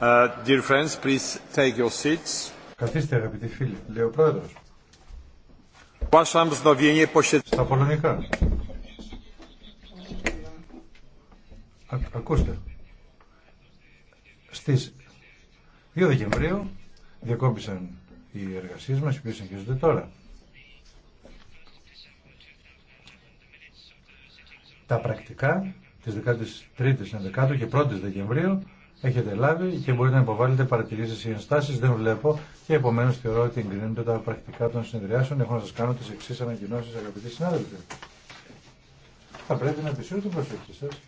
Uh, Καθίστε αγαπητοί φίλοι, λέει ο πρόεδρος. Στα πολωνικά. ακούστε. Στις 2 Δεκεμβρίου διακόπησαν οι εργασίες μας, οι οποίες συνεχίζονται τώρα. Τα πρακτικά τη 13ης 11 και 1ης Δεκεμβρίου έχετε λάβει και μπορείτε να υποβάλλετε παρατηρήσεις ή ενστάσεις. Δεν βλέπω και επομένως θεωρώ ότι εγκρίνονται τα πρακτικά των συνεδριάσεων. Έχω να σας κάνω τις εξής ανακοινώσεις αγαπητοί συνάδελφοι. Θα πρέπει να επισύρω την προσοχή σας